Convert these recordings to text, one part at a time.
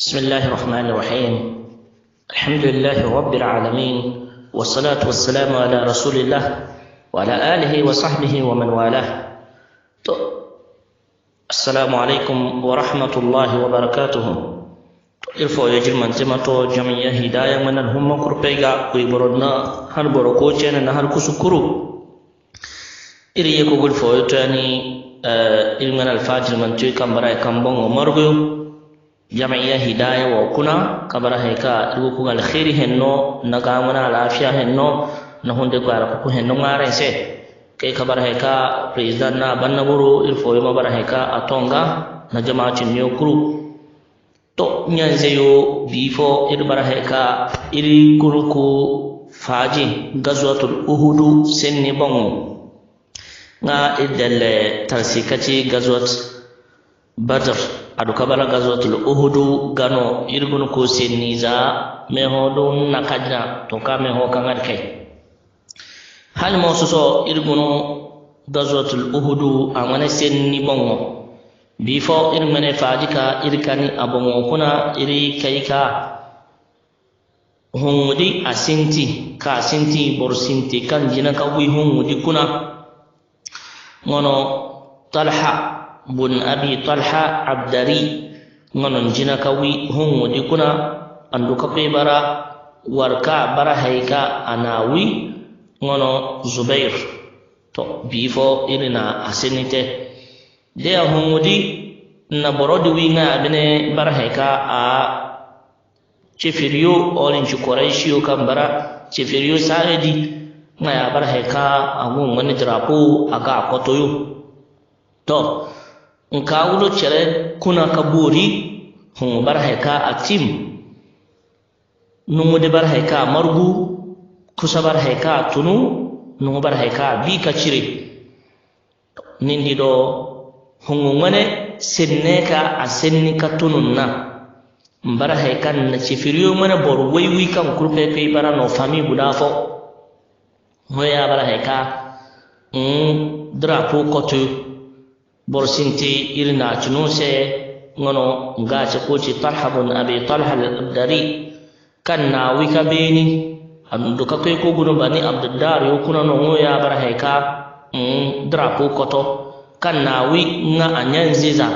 بسم الله الرحمن الرحيم الحمد لله رب العالمين والصلاة والسلام على رسول الله وعلى آله وصحبه ومن والاه السلام عليكم ورحمة الله وبركاته إرفع يجل من زمتو جميع هدايا من الهم كربيغا ويبرنا هل بركوتين نهر كسكرو إريكو قل فويتاني آه، إلمن الفاجر من تيكم براي كمبون ومرغيو jama'iya hidaya wa kuna kabara he ka ɗugo kugal na henno nagamana lafiya henno na hunde ko ala koko henno ŋaren se kai kabara he president na banna ɓuro il faut yoma bara he atonga na tonga na kuru to ñanzeyo bi bifo ir bara haika ka iri kuru ku gazwatul uhudu senni bangu ŋa i delle tarsi kaci gazwat badr aɗu kabala gazotul uhudu gano irgunu kusin nisa mai hoɗun na kajna to ka mai hokan arkai hali ma wasu so irgunu gazotul uhudu a wani sin ni bongo bifo irin mene fajika irkani a bongo kuna iri kai ka hunwudi a sinti ka sinti bor sinti kan jina ka wi hunwudi kuna ngono talha bun abi talha abdari ŋanon jina kawi hun wodi kuna andu kakwe bara warka bara hayka anawi ŋono zubair to bifo irina asinite deya hun wodi na borodi wiŋa abine bara hayka a cefiriyo olinci koraishiyo kan bara cefiriyo sa'edi ŋa ya bara hayka a ŋun ŋani drapo aga a to n ka wulo cɛrɛ kuna ka boori hongo barahɛ ka a tim nuŋude barahɛ ka a marugu kusa barahɛ ka a tunu nuŋu barahɛ ka a bii ka cire nindi dɔ hongo ŋwɛnɛ senne ka a senni ka tunun na n barahɛ ka na cifiriyo ŋwɛnɛ bɔru weiwi kan kurupɛpɛi bara nɔ fami guda fɔ ŋwɛ ya barahɛ ka n drapo kɔtu برسنتي إلنا تنوسي غنو نغاتي قوتي طلحة بن أبي طلحة الأبدري كان ناوي كبيني أندوكا كيكو غنو بني عبد الدار يوكونا نغو يا برهيكا درابو كتو كان ناوي نا أنيان زيزا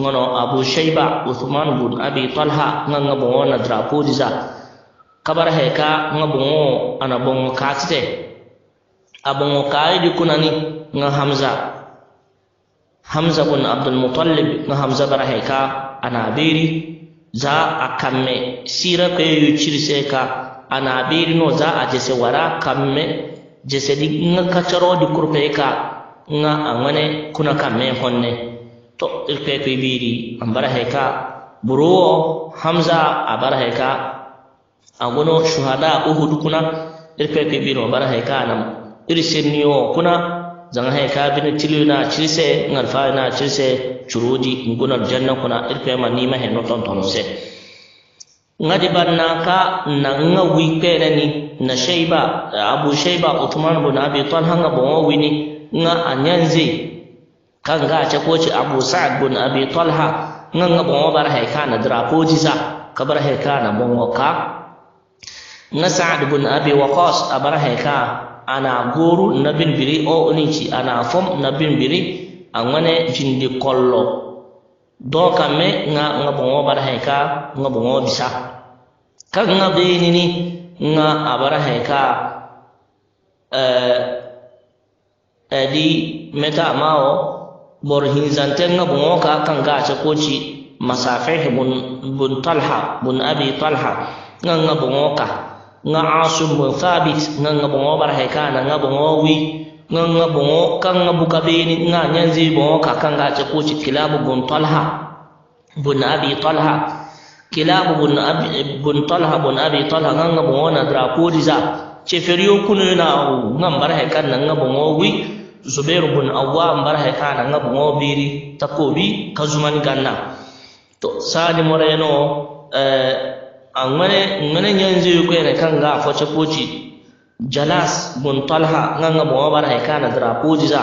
غنو أبو شيبة عثمان بن أبي طلحة غنو بوانا درابو زيزا kabar heka nga bongo ana bongo katite abongo kaidi kunani nga hamza hamza abdul abdulmutallib na hamza bara haika a nabiri za a kamme sira yucir sai ka nabiri no za a jese wara kamme jese di nga di kurpe ka nga angane kuna kamme honne to irpe koy biri an hay haika buruwo hamza a bara haika a agono shuhada uhudu kuna irpe koy biri ambara hay ka nam irsenniyo kuna zan hai ka bin tilu na chirse ngal fa na chirse churuji nguna janna kuna irka ma ni ma hen no ton ton se ngadi banna ka na nga wi pere ni na sheiba abu sheiba uthman bin abi talha nga bo wi ni nga anyanze kan ga ce ko ce abu sa'ad bin abi talha nga nga bo bar hai ka na dra ko ji sa kabar hai ka na bo ka nga sa'ad bin abi waqas abar hay ka ana goru na binbiri o unici ana fom na binbiri angwane jindi kollo do kame nga nga bongo bara heka nga bongo bisa ka nga beni ni nga abara heka eh edi eh, meta mao bor hinzante nga bongo ka kan kanga ce koci masafih bun bun talha bun abi talha nga nga bongo ka nga asum bin thabit nga nga bongo bar haikana nga bongo wi nga nga bongo kan nga buka beni nga nyanzi bongo ka kan ga ce ko ci kilabu bun talha bun abi talha kilabu bun abi bun talha bun abi talha nga nga bongo na drapo diza ce feriyo kunu na nga bar kana nga bongo wi zubairu bun awwa bar kana nga bongo biri takobi kazuman ganna to sani moreno eh angane ngane nyanzi ko ene kanga foce poci jalas bun talha nganga mo bara he kana dra za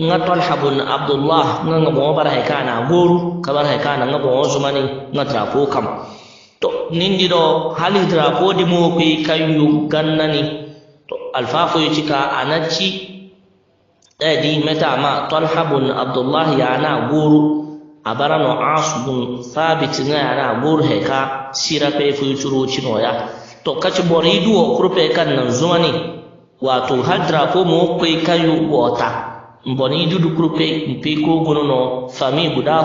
nga talha bun abdullah nganga mo bara he kana ka kabar he kana nga bo zumani nga dra po kam to nindi do hali dra po di mo ko kayu gannani to alfafo yicika anachi edi meta ma talha bun abdullah yana guru a bara no asubun sabit na yara burhe heka sira pe chino ya to kaci bori o krupe kan nan zumani ne wato hadra ko mo kai kayu wota mboni du krupe pe ko gono no fami guda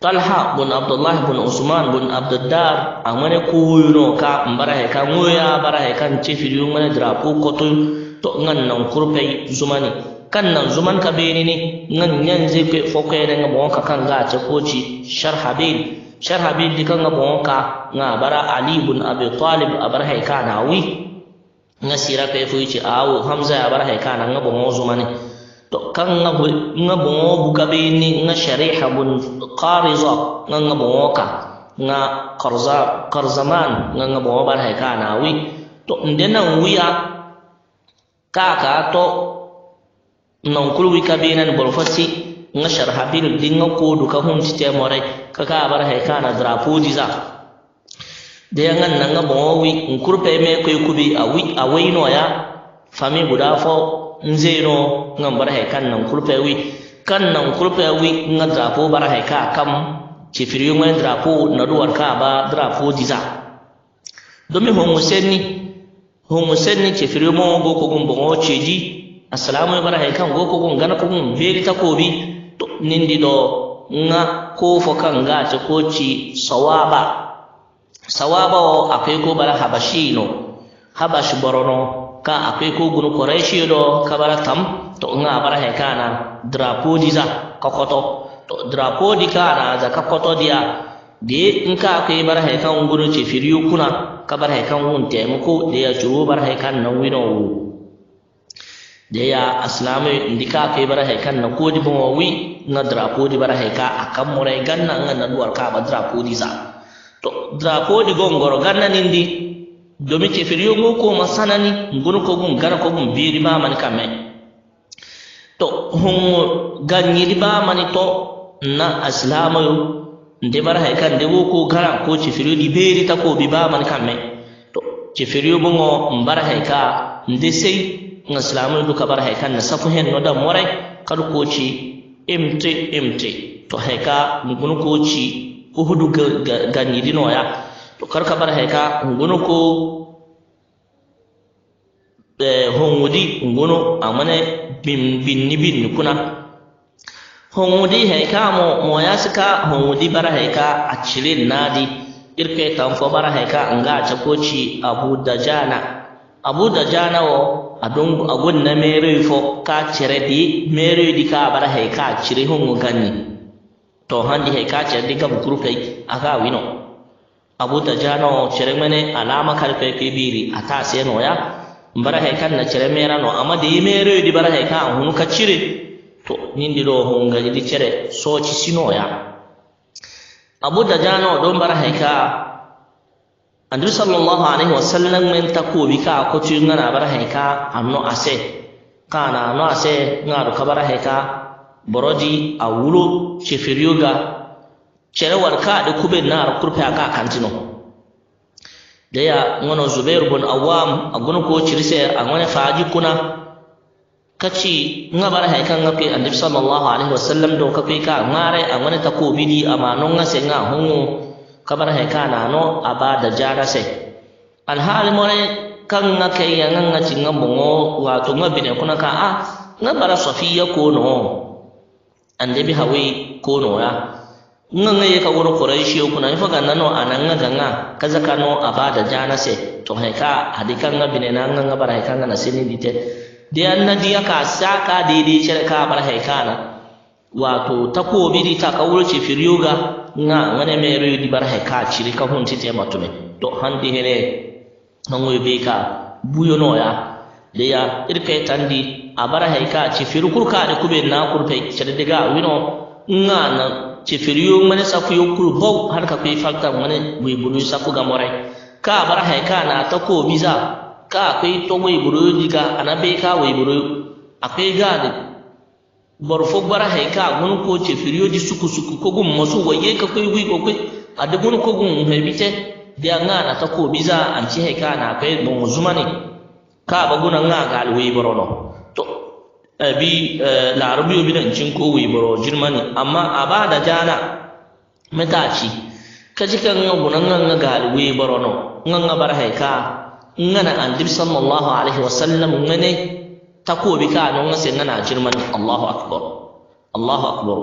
talha bun abdullah bun usman bun abduddar amane ko yuno ka mbara heka ka ngoya bara he kan chefiri ngane drapo ko, to ngan nan krupe zumani kan nan zuman ka beni ne nan yan zai ke foko ne ga bon ka kan ga ta koci sharhabil sharhabil di kan ga bon ka na bara ali ibn abi talib abar haika na wi na sira kai fu ci awo hamza ya bar haika na ga bon zumani to kan ga ga bon bu ka beni na shariha bun qariza nan ga bon ka na qarza qarzaman nan ga bon bar haika na wi to inda nan wuya ka ka to nankulwi ka benan borfosi nga sharha binu dinga kodu ka hun ti more ka ka bar hay kana drapo diza de nga nanga bonwi nkurpe me ko kubi awi no ya fami guda fo nzeno nga bar hay kan nan kurpe wi kan nan kurpe wi nga drapo bar hay ka kam ci firiyo nga drapo na duwar ka ba drapo diza domi hon musenni hon musenni ci firiyo mo go ko gumbo o ceji assalamu bara hay kan goko gon gana kun beri takobi to nindi do nga ko fo kan ga ta ko ci sawaba sawaba o akai ko bara habashi no habashi borono ka akai ko gunu quraishi do ka bara tam to nga bara hay kana drapo diza kokoto to drapo di kana za kokoto dia de in ka akai bara hay kan gunu ce firiyu kuna ka bara hay kan taimako da ya ciro bara hay kan nan wino jeya aslamu ndika kai bara hai kan na kodi bon wi na dra kodi bara hai ka akan murai ganna an na duwar ka ba dra kodi za to dra kodi gon goro ganna nindi domin ke firyo go ko masanani gun ko gun gana ko gun biri ma man kame to hun ganni di ba mani to na aslamu yo nde bara hai kan de wo ko gara ko ci firyo di beri ta ko bi ba man kame to ci firyo bon mbara hai ka nde sei nga silamu du kabar hay kan safu hen no dan moray kadu ko ci imti to haika ka ngunu ko ci uhudu ga nyidino ya to kar ka bar haika ngunu ko eh hongudi ngunu amane bin bin bin kuna hongudi haika mo mo ya suka hongudi bar haika a cilin nadi irke tan fo bara nga ta koci abu dajana abu dajana wo adon agon na meroy fo ka cere di meroy di ka bara hay ka cire hon go ganni to handi hay ka cere di gam grupe aga wino abuta jano cere mene alama kar pe pe biri ata seno ya bara hay kan na cere mera no amma di meroy di bara hay ka hon ka cire to nindi do hon ga di cere so ci sino ya abuta jano don bara hay ka annabi sallallahu alaihi wasallam men ta ko bi ka ko ci ngana bar hay ka anno ase kana anno ase ngado ka bar hay ka boroji awulo ci firyoga cere war ka de kube na ar kurpe aka kantino deya ngono zubair bin awam agono ko chirise angone faji kuna kaci nga bar hay kan ngapi annabi sallallahu alaihi wasallam do ka kai ka ngare angone ta ko bi di amano ngase nga hongo kamar he kana no abada jara se al hal more kan nga ke ya nga nga cinga bongo wa to nga bine kuna ka a ah, nga bara safiya ko no an bi hawi ko no ya nga nga ye ka wuro quraishi ko na ifa ganna no anan nga ganga kaza ka no abada jara se to he ka kan nga bine na nga nga bara he ka nga na sini dite de anna diya ka saka de de shirka bara he kana wato takobiri ta kawurce firyoga nga ngane mero yidi bar hay kaciri ka hunti te matume to handi hene nango be ka buyono ya de ya irpe tandi abar hay ka ci firukur ka de kube na kurpe cede de ga wino nga na ci firyo mane safu yokuru bau har ka kai fakta mane buyi bunu safu ga more ka bar hay ka na takobiza ka kai to mai buru diga anabe ka wai buru akwai gadi barfo bara hay ka gun ko ce firiyo firiyoji suku suku ko gun masu waye ka kai wi ko kai adugun ko gun ce. Da nga na ta ko biza an ci hay ka na kai zuma ne ka ba guna nga ga baro borono to abi e, bi e, bidan cin ko wi boro jirmani amma a ba abada jana Ka ci kan nga guna nga ga baro borono nga nga bar hay ka nga na annabi sallallahu alaihi wasallam ngane takobi ka no ngase ngana jirman Allahu akbar Allahu akbar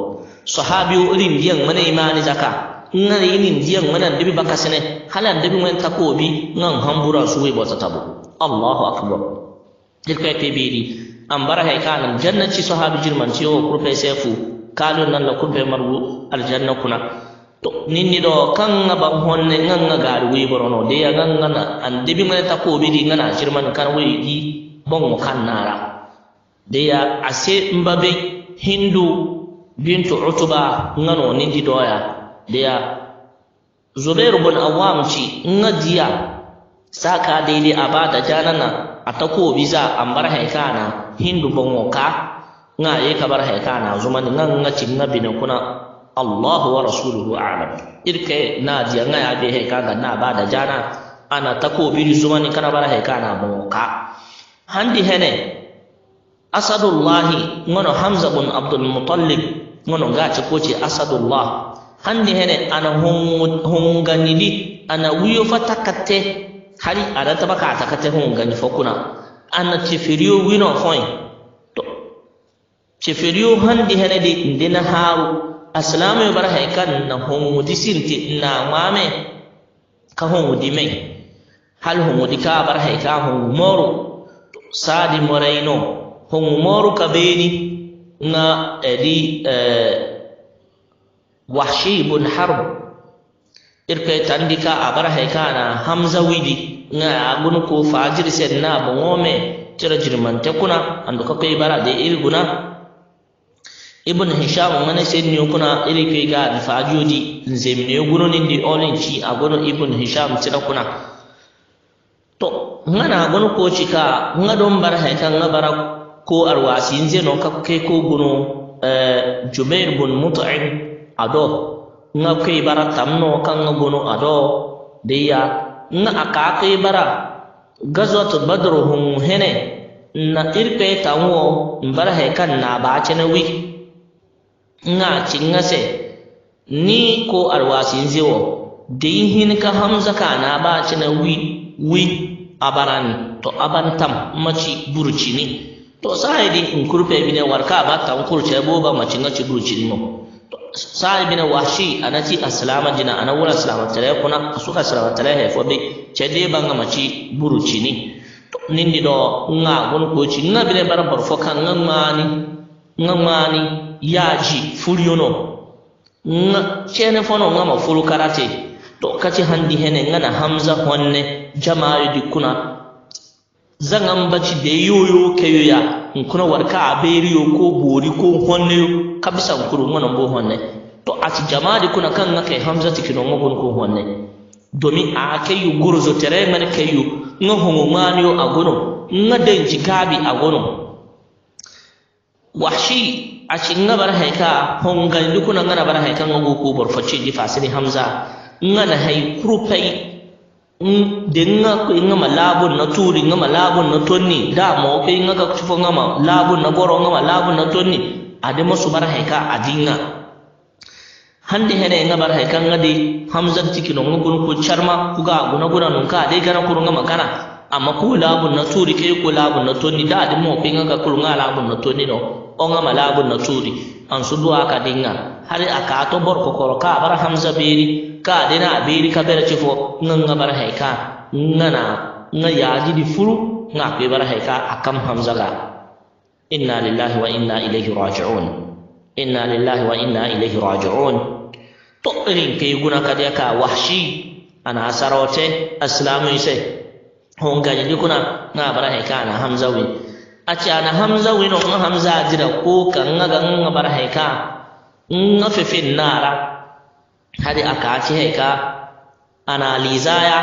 sahabi urin diyan mana imani zaka ngana yinin diyan mana dibi baka sene hala dibi ngana takobi ngan hambura suwe bota tabu Allahu akbar dirka pebiri ambara hay kanam jannati sahabi jirman ci o kurfe sefu kalu nan la kurpe marbu aljanna kuna to ni do kanga ba honne nganga garu wi borono de ya nganga an dibi ngana takobi di ngana jirman kan wi di bongo kan nara deya ase mbabe hindu bintu utuba ngano nindi doya deya zubairu bin awam ci nga diya saka daidai a bada janana a takobi za an bar haikana hindu bango ka nga ye kabar haikana zumani nan nga ci nga na kuna allahu wa rasuluhu a'lam irke na diya nga ya be haikana na bada jana ana takobi zumani kana bar haikana bango handi hene asadullahi ngono hamza bun abdul mutallib ngono gace ko ce asadullah hande hene ana hunganidi ana wiyo fatakatte hari ada taba ka takate hungani fokuna ana ceferiyo wino foin to ceferiyo hande hene de ndena haru aslamu bar kan na hungudi sinti na mame ka hungudi mai hal hungudi ka bar hay hungumoro sadi moraino hongumoru kabeni nga eh, di eh, wahshi ibn harb irke tandika abara na hamza widi nga agun ko fajir sen na bongome tira jirman kuna andu ka kai bara de iri guna ibn hisham ngane sen ni kuna iri kai ga di fajudi nzemne guno ni di olin ci agun ibn hisham tira kuna to nga na agun ko cika don bara nga bara. ko arwasi nze no ka ke ko gunu eh, jumeir bun mut'im ado nga ke bara tamno kan nga gunu ado deya nga aka ke bara gazwat badr hun hene na irpe tawo mbara he kan na ba chene wi nga cinga se ni ko arwasi nze wo dai hin ka hamza ka na ba chene wi wi abaran to abantam maci burci ni. to din in kurpe bine warka ba tan kurce boba macinga ciguru cinno sahidi bine washi anati aslama jina ana wala aslama tare kuna suka aslama tare he fobe ba banga maci buru cini nindi do nga gon ko ci nga bine bar bar kan, nga mani nga mani yaji furiyono nga cene no nga ma furu karate to kaci handi hene nga na hamza honne di dikuna zan ambaci be yoyo ya kuna warka beriyo ko bori ko honne bisa nkuru ngona bo honne to a ci jamaa da kuna kan nga kay hamza tikino ngogon ko honne domi a kayu gurzo tere man kayu nga hongo maniyo agono nga denji kabi agono wahshi a cinga bar haika hongan dukuna ngana bar haika ngogo ko borface di fasini hamza ngana hay kurpai din nga ko inga malabun na turi nga malabun na tonni da ma ko inga ka chufo nga malabun na goro nga malabun na tonni ade mo subar heka adinga hande hene nga bar heka nga de hamza tikino nga gun ko charma ku ga guna guna nun ka de gana kuru nga makana amma ko labun na turi kai ko labun na tonni da ade ma ko inga ka kuru nga labun na tonni no o nga malabun na turi an su duwa ka dinga har aka to bor ko koro ka bar hamza beri ka a abiri ka bere chifo nga nga bar haika nga na nga yaji di furu nga ke bar haika akam hamza ga inna lillahi wa inna ilaihi raji'un inna lillahi wa inna ilaihi raji'un to irin ke guna ka ka wahshi ana asarote aslamu ise honga ji kuna nga bar haika na hamza wi ce ana hamza wi no nga hamza jira ko kan nga ga nga bar haika nga fefin nara hade a kaati hay ka analisaya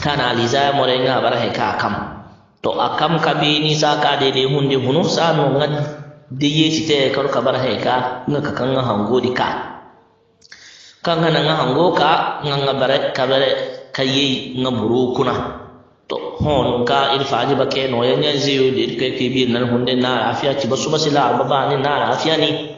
ka analisaya mo renga bara hay ka kam to a kam ka beni sa ka de de hunde hunu sa no ngad de yeti te kar ka bara hay ka nga ka kan nga hango di ka kan nga nga hango ka nga nga bara ka bara ka yi nga buru kuna to hon ka il faji ba ke no yanya zeyo de ke ke bi nan hunde na afiya ti ba suma sila ba ba ni na afiya ni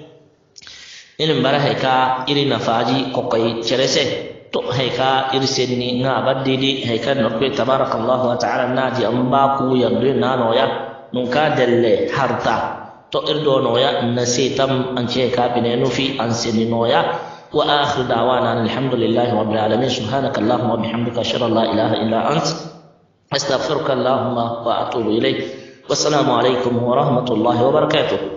ilin bara hay ka iri nafaji kokoy cherese to hay ka iri senni na baddidi hay ka norkoy tabarakallahu wa ta'ala naji amba ku yandu na noya nun ka delle harta to irdo noya na setam an ce ka bine nufi an senni noya wa akhir da'wana alhamdulillahi rabbil alamin subhanaka allahumma wa bihamdika ashhadu an la ilaha illa ant استغفرك allahumma wa اليك والسلام عليكم ورحمه الله وبركاته